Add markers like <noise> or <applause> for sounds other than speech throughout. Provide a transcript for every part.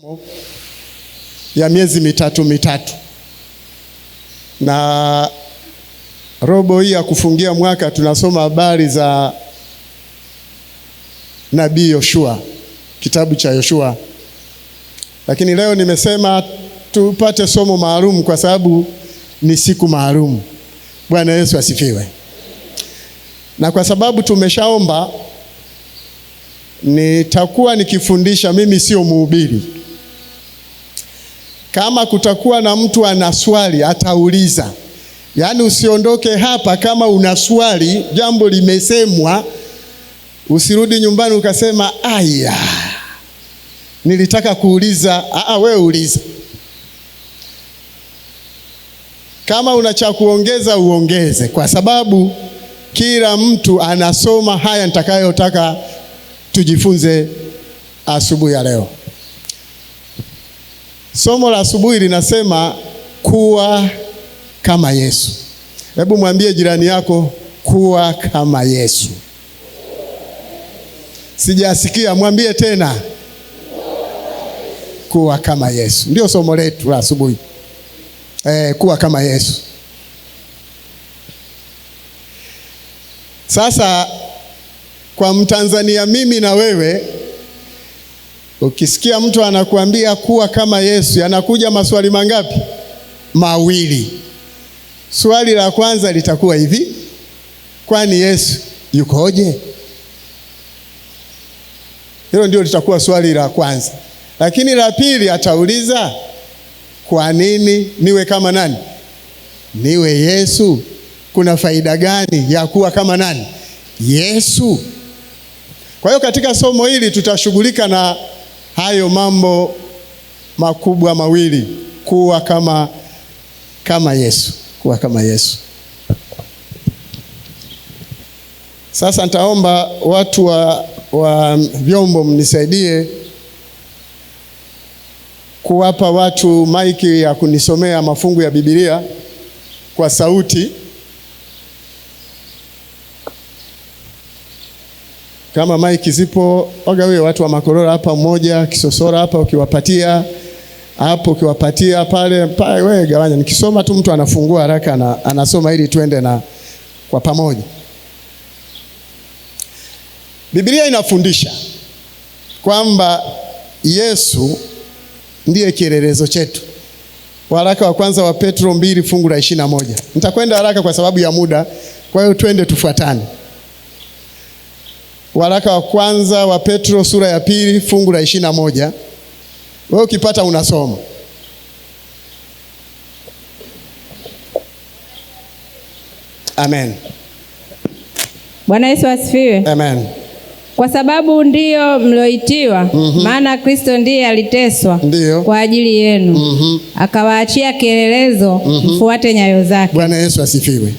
promo ya miezi mitatu mitatu, na robo hii ya kufungia mwaka tunasoma habari za nabii Yoshua, kitabu cha Yoshua. Lakini leo nimesema tupate somo maalum kwa sababu ni siku maalum. Bwana Yesu asifiwe. Na kwa sababu tumeshaomba, nitakuwa nikifundisha. Mimi sio mhubiri kama kutakuwa na mtu ana swali atauliza. Yaani usiondoke hapa kama una swali, jambo limesemwa, usirudi nyumbani ukasema aya, nilitaka kuuliza. Aa, we uliza. Kama una cha kuongeza uongeze, kwa sababu kila mtu anasoma haya nitakayotaka tujifunze asubuhi ya leo. Somo la asubuhi linasema kuwa kama Yesu. Hebu mwambie jirani yako kuwa kama Yesu. Sijasikia, mwambie tena kuwa kama Yesu. Ndio somo letu la asubuhi. e, kuwa kama Yesu. Sasa kwa Mtanzania mimi na wewe Ukisikia mtu anakuambia kuwa kama Yesu, anakuja maswali mangapi? Mawili. Swali la kwanza litakuwa hivi, kwani Yesu yukoje? Hilo ndio litakuwa swali la kwanza, lakini la pili atauliza kwa nini niwe kama nani? Niwe Yesu. Kuna faida gani ya kuwa kama nani? Yesu. Kwa hiyo katika somo hili tutashughulika na hayo mambo makubwa mawili, kuwa kama kama Yesu, kuwa kama Yesu. Sasa nitaomba watu wa, wa vyombo mnisaidie kuwapa watu maiki ya kunisomea mafungu ya Biblia kwa sauti. Kama maiki zipo wewe watu wa Makorora hapa, mmoja Kisosora hapa, ukiwapatia hapo, ukiwapatia pale pale, wewe gawanya. Nikisoma tu mtu anafungua haraka na anasoma ili tuende na kwa pamoja. Biblia inafundisha kwamba Yesu ndiye kielelezo chetu. Waraka wa kwanza wa Petro mbili fungu la ishirini na moja. Nitakwenda haraka kwa sababu ya muda, kwa hiyo twende tufuatane waraka wa kwanza wa Petro sura ya pili fungu la ishirini na moja wewe ukipata unasoma Amen. Bwana Yesu asifiwe. Amen. Kwa sababu ndiyo mlioitiwa, mm -hmm. Maana Kristo ndiye aliteswa ndiyo, kwa ajili yenu mm -hmm. Akawaachia kielelezo mm -hmm. Mfuate nyayo zake. Bwana Yesu asifiwe.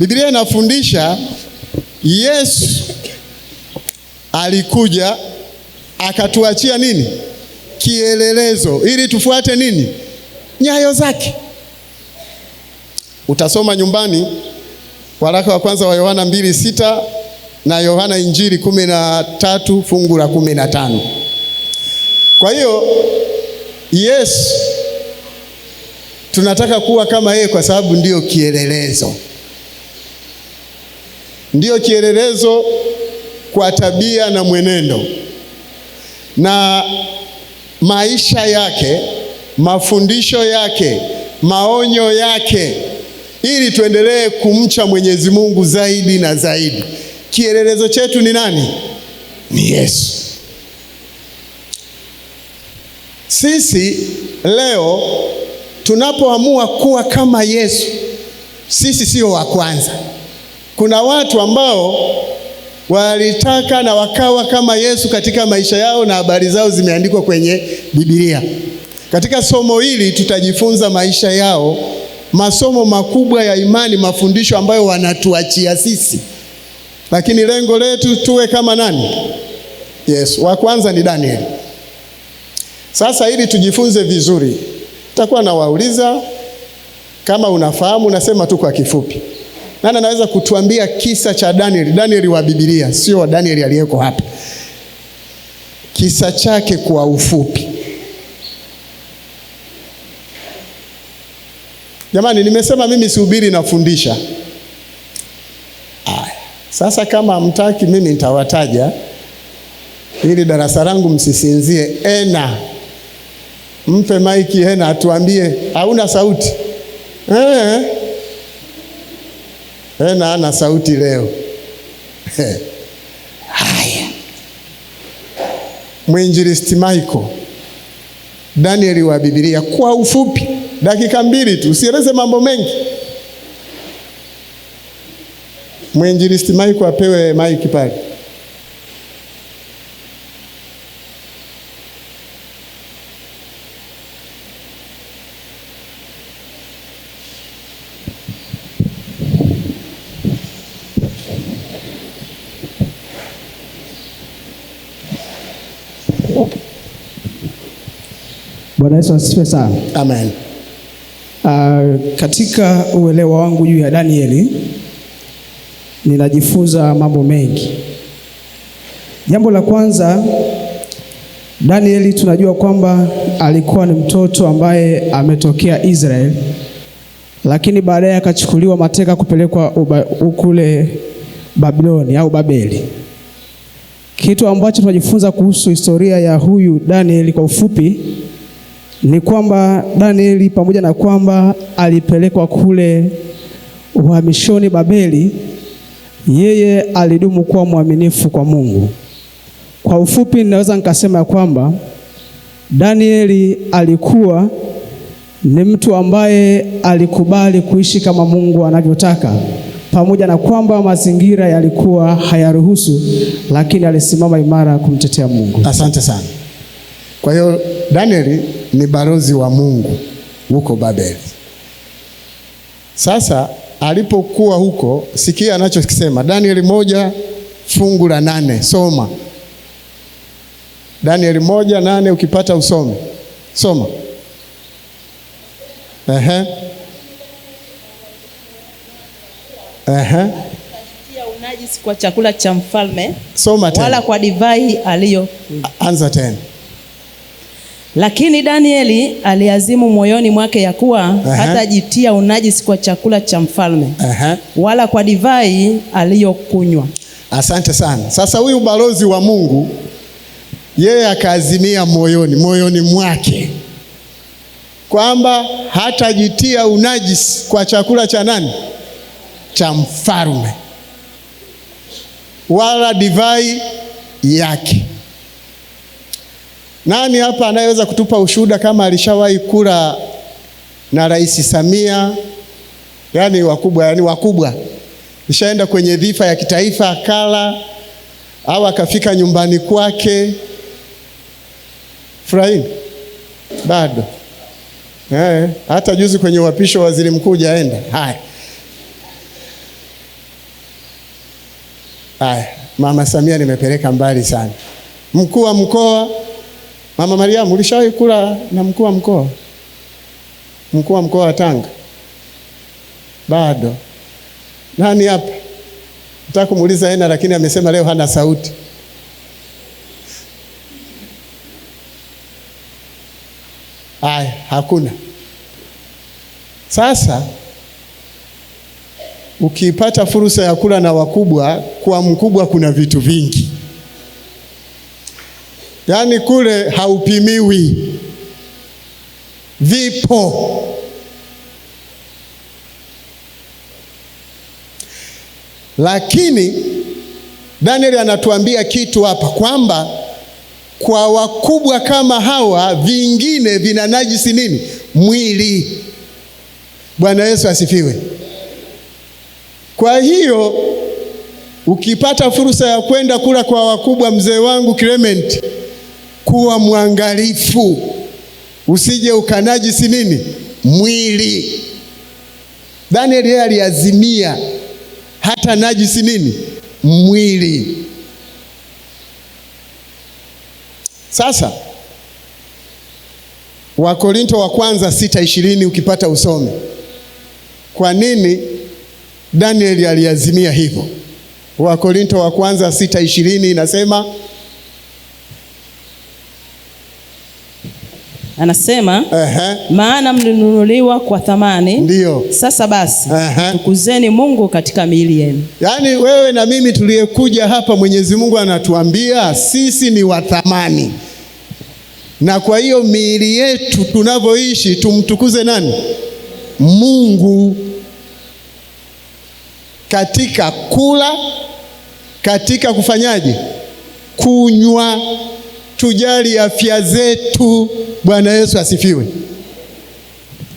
Biblia inafundisha Yesu alikuja akatuachia nini? Kielelezo ili tufuate nini? Nyayo zake. Utasoma nyumbani waraka wa kwanza wa Yohana mbili sita na Yohana Injili kumi na tatu fungu la kumi na tano. Kwa hiyo Yesu tunataka kuwa kama yeye kwa sababu ndiyo kielelezo, ndiyo kielelezo kwa tabia na mwenendo na maisha yake, mafundisho yake, maonyo yake, ili tuendelee kumcha Mwenyezi Mungu zaidi na zaidi. Kielelezo chetu ni nani? Ni Yesu. Sisi leo tunapoamua kuwa kama Yesu, sisi sio wa kwanza. Kuna watu ambao walitaka na wakawa kama Yesu katika maisha yao, na habari zao zimeandikwa kwenye Biblia. Katika somo hili tutajifunza maisha yao, masomo makubwa ya imani, mafundisho ambayo wanatuachia sisi, lakini lengo letu tuwe kama nani? Yesu. Wa kwanza ni Danieli. Sasa ili tujifunze vizuri, takuwa nawauliza kama unafahamu, nasema tu kwa kifupi. Nani anaweza kutuambia kisa cha Danieli? Danieli wa Biblia, sio Danieli aliyeko hapa. Kisa chake kwa ufupi. Jamani, nimesema mimi sihubiri, nafundisha. Aya, sasa kama mtaki mimi nitawataja ili darasa langu msisinzie. Ena, mpe maiki Ena atuambie. Hauna sauti eh? tena eh, ana sauti leo. <laughs> Haya, mwinjilisti Michael Danieli wa Biblia kwa ufupi, dakika mbili tu, usieleze mambo mengi. Mwinjilisti Michael apewe maiki pale. Yesu asifiwe sana. Amen. Uh, katika uelewa wangu juu ya Danieli ninajifunza mambo mengi. Jambo la kwanza, Danieli tunajua kwamba alikuwa ni mtoto ambaye ametokea Israeli, lakini baadaye akachukuliwa mateka kupelekwa kule Babiloni au Babeli. Kitu ambacho tunajifunza kuhusu historia ya huyu Danieli kwa ufupi ni kwamba Danieli pamoja na kwamba alipelekwa kule uhamishoni Babeli, yeye alidumu kuwa mwaminifu kwa Mungu. Kwa ufupi, ninaweza nikasema ya kwamba Danieli alikuwa ni mtu ambaye alikubali kuishi kama Mungu anavyotaka, pamoja na kwamba mazingira yalikuwa hayaruhusu, lakini alisimama imara kumtetea Mungu. Asante sana. Kwa hiyo Danieli ni balozi wa Mungu huko Babeli. Sasa alipokuwa huko, sikia anachokisema Danieli moja fungu la nane. Soma Danieli moja nane, ukipata usome, soma. Ehe. Ehe. Unajisi kwa chakula cha mfalme, soma tena, wala kwa divai aliyo. Anza tena lakini Danieli aliazimu moyoni mwake ya kuwa uh -huh. hatajitia unajisi kwa chakula cha mfalme uh -huh. wala kwa divai aliyokunywa. Asante sana. Sasa huyu balozi wa Mungu yeye akaazimia moyoni moyoni mwake kwamba hatajitia unajisi kwa chakula cha nani? Cha mfalme wala divai yake. Nani hapa anayeweza kutupa ushuhuda kama alishawahi kula na Rais Samia? Yaani wakubwa, yaani wakubwa, nishaenda kwenye dhifa ya kitaifa akala au akafika nyumbani kwake furahini bado eh, hata juzi kwenye uhapisho wa waziri mkuu jaenda. Haya haya, Mama Samia nimepeleka mbali sana. Mkuu wa mkoa Mama Mariamu, ulishawahi kula na mkuu wa mkoa? Mkuu wa mkoa wa Tanga? Bado. Nani hapa? Nataka kumuuliza Ena, lakini amesema leo hana sauti. Aya, hakuna. Sasa ukipata fursa ya kula na wakubwa, kwa mkubwa kuna vitu vingi Yaani kule haupimiwi, vipo. Lakini Danieli anatuambia kitu hapa kwamba kwa wakubwa kama hawa vingine vina najisi nini? Mwili. Bwana Yesu asifiwe. Kwa hiyo ukipata fursa ya kwenda kula kwa wakubwa, mzee wangu Clement kuwa mwangalifu, usije ukanajisi nini mwili. Danieli yeye aliazimia hata najisi nini mwili. Sasa Wakorinto wa kwanza sita ishirini ukipata usome kwa nini Danieli aliazimia hivyo. Wakorinto wa kwanza sita ishirini inasema anasema uh -huh. maana mlinunuliwa kwa thamani. ndio Sasa basi uh -huh. tukuzeni Mungu katika miili yenu. Yaani wewe na mimi tuliyekuja hapa, Mwenyezi Mungu anatuambia sisi ni wa thamani, na kwa hiyo miili yetu tunavyoishi tumtukuze nani? Mungu, katika kula, katika kufanyaje, kunywa tujali afya zetu. Bwana Yesu asifiwe.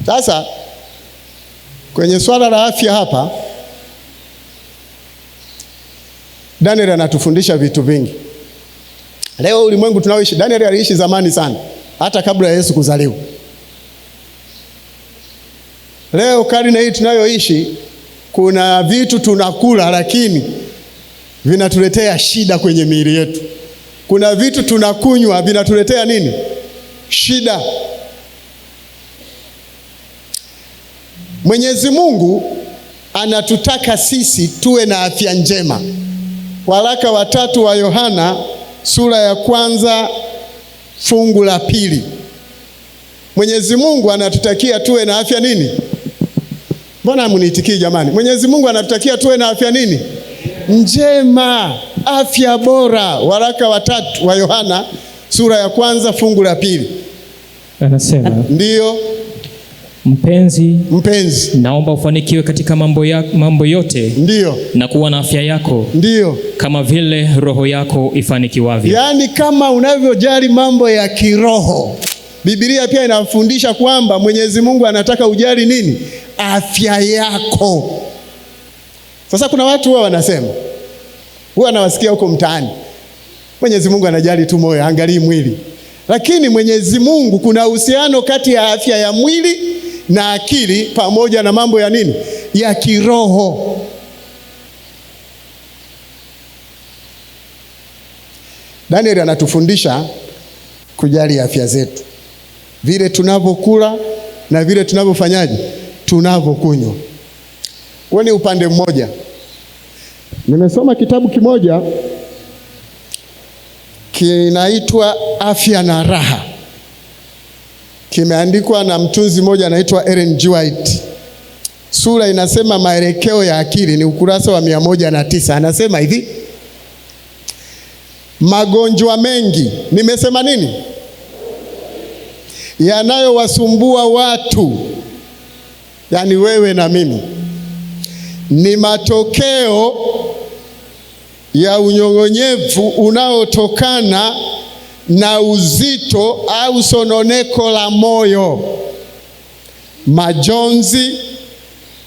Sasa kwenye swala la afya hapa Daniel anatufundisha vitu vingi. Leo ulimwengu tunaoishi, Daniel aliishi zamani sana, hata kabla ya Yesu kuzaliwa. Leo karne hii tunayoishi, kuna vitu tunakula lakini vinatuletea shida kwenye miili yetu. Kuna vitu tunakunywa vinatuletea nini? Shida. Mwenyezi Mungu anatutaka sisi tuwe na afya njema. Waraka wa tatu wa Yohana sura ya kwanza fungu la pili. Mwenyezi Mungu anatutakia tuwe na afya nini? Mbona muniitikii jamani? Mwenyezi Mungu anatutakia tuwe na afya nini? Njema afya bora, waraka watatu wa Yohana sura ya kwanza fungu la pili anasema ndiyo Mpenzi, mpenzi, naomba ufanikiwe katika mambo, ya, mambo yote ndiyo, na kuwa na afya yako ndiyo, kama vile roho yako ifanikiwavyo. Yaani, kama unavyojali mambo ya kiroho. Biblia pia inafundisha kwamba Mwenyezi Mungu anataka ujali nini? Afya yako. Sasa kuna watu wao wanasema huwa anawasikia huko mtaani. Mwenyezi Mungu anajali tu moyo, angalii mwili. Lakini Mwenyezi Mungu, kuna uhusiano kati ya afya ya mwili na akili pamoja na mambo ya nini ya kiroho. Daniel anatufundisha kujali afya zetu, vile tunavyokula na vile tunavyofanyaje, tunavyokunywa. Huo ni upande mmoja. Nimesoma kitabu kimoja kinaitwa Afya na Raha, kimeandikwa na mtunzi mmoja anaitwa Ellen G. White. Sura inasema maelekeo ya akili, ni ukurasa wa mia moja na tisa. Anasema hivi, magonjwa mengi, nimesema nini, yanayowasumbua watu, yaani wewe na mimi ni matokeo ya unyong'onyevu unaotokana na uzito au sononeko la moyo, majonzi,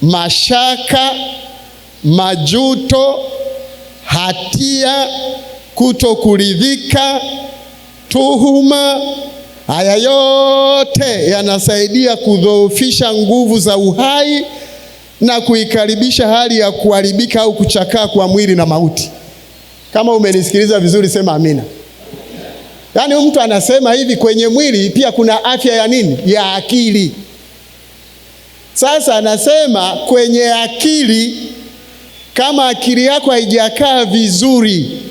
mashaka, majuto, hatia, kutokuridhika, tuhuma. Haya yote yanasaidia kudhoofisha nguvu za uhai na kuikaribisha hali ya kuharibika au kuchakaa kwa mwili na mauti. Kama umenisikiliza vizuri, sema amina. Yaani mtu anasema hivi, kwenye mwili pia kuna afya ya nini? Ya akili. Sasa anasema kwenye akili, kama akili yako haijakaa vizuri,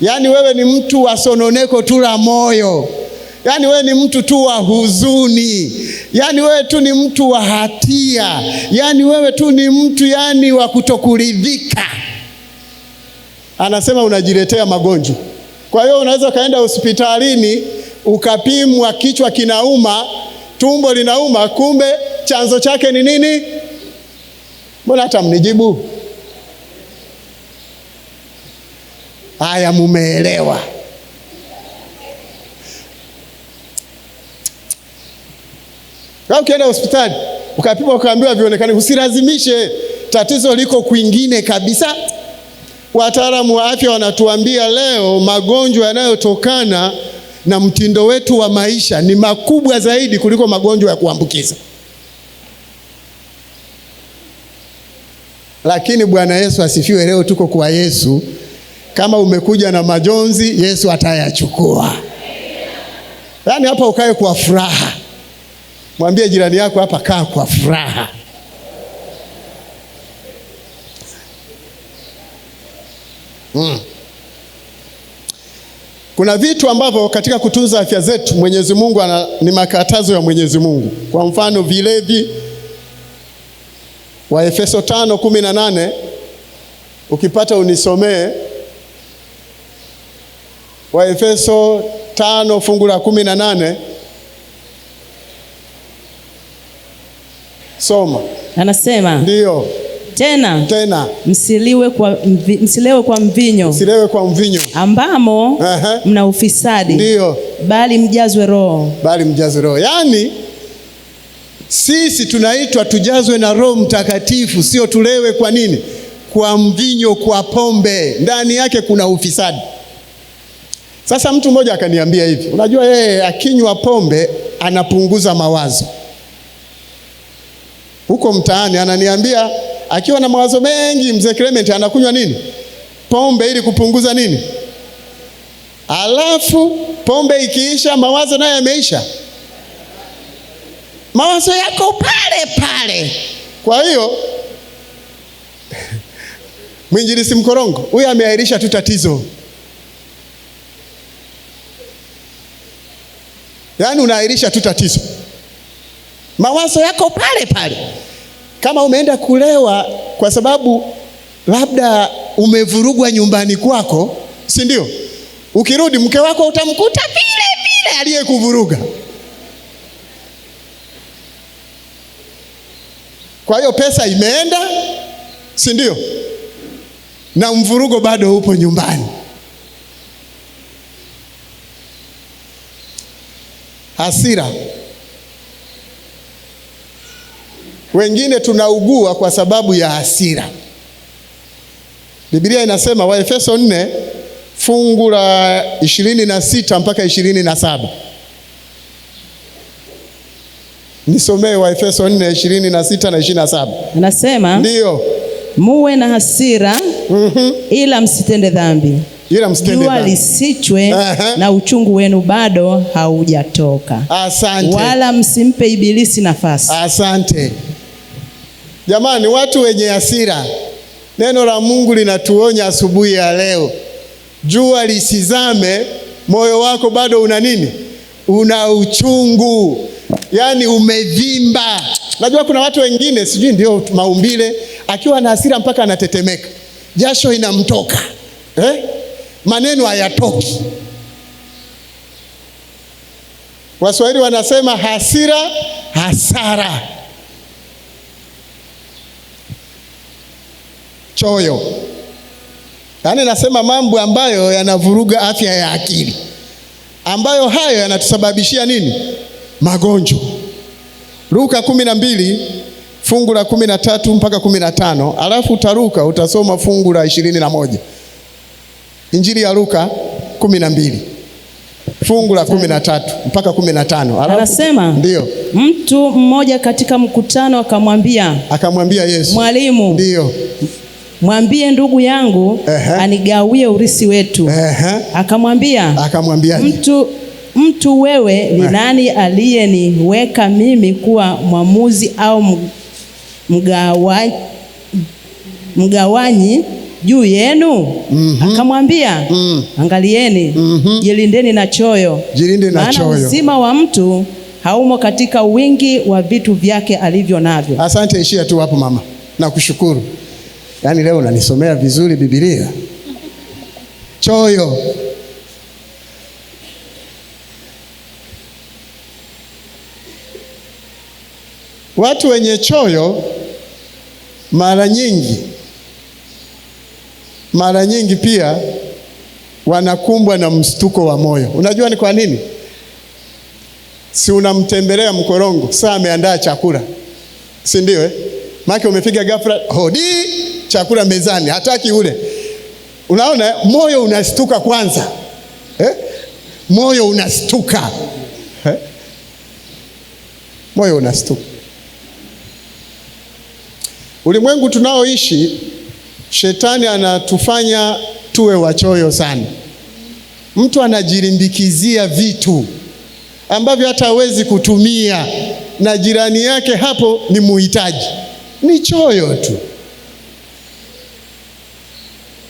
yaani wewe ni mtu wa sononeko tu la moyo Yaani wewe ni mtu tu wa huzuni, yaani wewe tu ni mtu wa hatia, yaani wewe tu ni mtu yani wa kutokuridhika. Anasema unajiletea magonjwa. Kwa hiyo unaweza ukaenda hospitalini ukapimwa, kichwa kinauma, tumbo linauma, kumbe chanzo chake ni nini? Mbona hata mnijibu? Haya, mumeelewa? Kama ukienda hospitali ukapimwa ukaambiwa vionekane, usilazimishe. Tatizo liko kwingine kabisa. Wataalamu wa afya wanatuambia leo magonjwa yanayotokana na mtindo wetu wa maisha ni makubwa zaidi kuliko magonjwa ya kuambukiza. Lakini Bwana Yesu asifiwe. Leo tuko kwa Yesu. Kama umekuja na majonzi, Yesu atayachukua. Yaani hapa ukae kwa furaha. Mwambie jirani yako hapa, kaa kwa furaha. Mm. Kuna vitu ambavyo katika kutunza afya zetu Mwenyezi Mungu ana, ni makatazo ya Mwenyezi Mungu. Kwa mfano vilevi, wa na 5:18 ukipata unisomee. wa efeso 5 fungu la 18 Soma. Anasema ndio tena, tena. Msilewe kwa, msilewe kwa mvinyo, msilewe kwa mvinyo ambamo uh -huh. mna ufisadi ndio bali mjazwe Roho, bali mjazwe Roho. Yaani sisi tunaitwa tujazwe na Roho Mtakatifu, sio tulewe. Kwa nini? Kwa mvinyo, kwa pombe, ndani yake kuna ufisadi. Sasa mtu mmoja akaniambia hivi, unajua yeye akinywa pombe anapunguza mawazo huko mtaani, ananiambia akiwa na mawazo mengi, mzee Clement anakunywa nini? Pombe ili kupunguza nini? Alafu pombe ikiisha, mawazo nayo yameisha, mawazo yako pale pale. Kwa hiyo <laughs> mwinjilisi mkorongo huyu ameahirisha tu tatizo. Yaani unaahirisha tu tatizo, mawazo yako pale pale. Kama umeenda kulewa kwa sababu labda umevurugwa nyumbani kwako, si ndio? Ukirudi mke wako utamkuta vile vile aliyekuvuruga. Kwa hiyo pesa imeenda, si ndio? Na mvurugo bado upo nyumbani. Hasira Wengine tunaugua kwa sababu ya hasira. Biblia inasema Waefeso nne fungu la ishirini na sita mpaka ishirini na saba nisomee Waefeso nne ishirini na sita na ishirini na saba Anasema ndio, muwe na hasira mm -hmm. ila msitende dhambi ila msitende jua lisichwe, na uchungu wenu bado haujatoka. Asante. Wala msimpe Ibilisi nafasi. Asante. Jamani, watu wenye hasira, neno la Mungu linatuonya asubuhi ya leo, jua lisizame, moyo wako bado una nini? Una uchungu, yaani umevimba. Najua kuna watu wengine sijui ndio maumbile, akiwa na hasira mpaka anatetemeka, jasho inamtoka eh? maneno hayatoki. Waswahili wanasema hasira hasara choyo. Yaani nasema mambo ambayo yanavuruga afya ya akili, ambayo hayo yanatusababishia nini? Magonjwa. Luka kumi na mbili fungu la kumi na tatu mpaka kumi na tano alafu utaruka utasoma fungu la ishirini na moja Injili ya Luka kumi na mbili fungu la kumi na tatu mpaka kumi na tano anasema ndio, mtu mmoja katika mkutano akamwambia akamwambia Yesu, Mwalimu, ndio mwambie ndugu yangu uh-huh. anigawie urisi wetu. uh-huh. Akamwambia, akamwambia mtu mtu wewe ni eh. nani aliyeniweka mimi kuwa mwamuzi au mgawa, mgawanyi juu yenu? mm -hmm. Akamwambia mm. Angalieni, mm -hmm. jilindeni na choyo, jilinde na maana choyo, uzima wa mtu haumo katika wingi wa vitu vyake alivyo navyo. Asante, ishia tu hapo mama, nakushukuru. Yaani leo unanisomea vizuri Biblia. Choyo. Watu wenye choyo mara nyingi mara nyingi pia wanakumbwa na mshtuko wa moyo. Unajua ni kwa nini? Si unamtembelea mkorongo, saa ameandaa chakula, si ndio eh? Maana umepiga ghafla hodi chakula mezani, hataki ule. Unaona, moyo unastuka kwanza eh? Moyo unastuka eh? Moyo unastuka. Ulimwengu tunaoishi, shetani anatufanya tuwe wachoyo sana. Mtu anajirimbikizia vitu ambavyo hata hawezi kutumia, na jirani yake hapo ni muhitaji, ni choyo tu.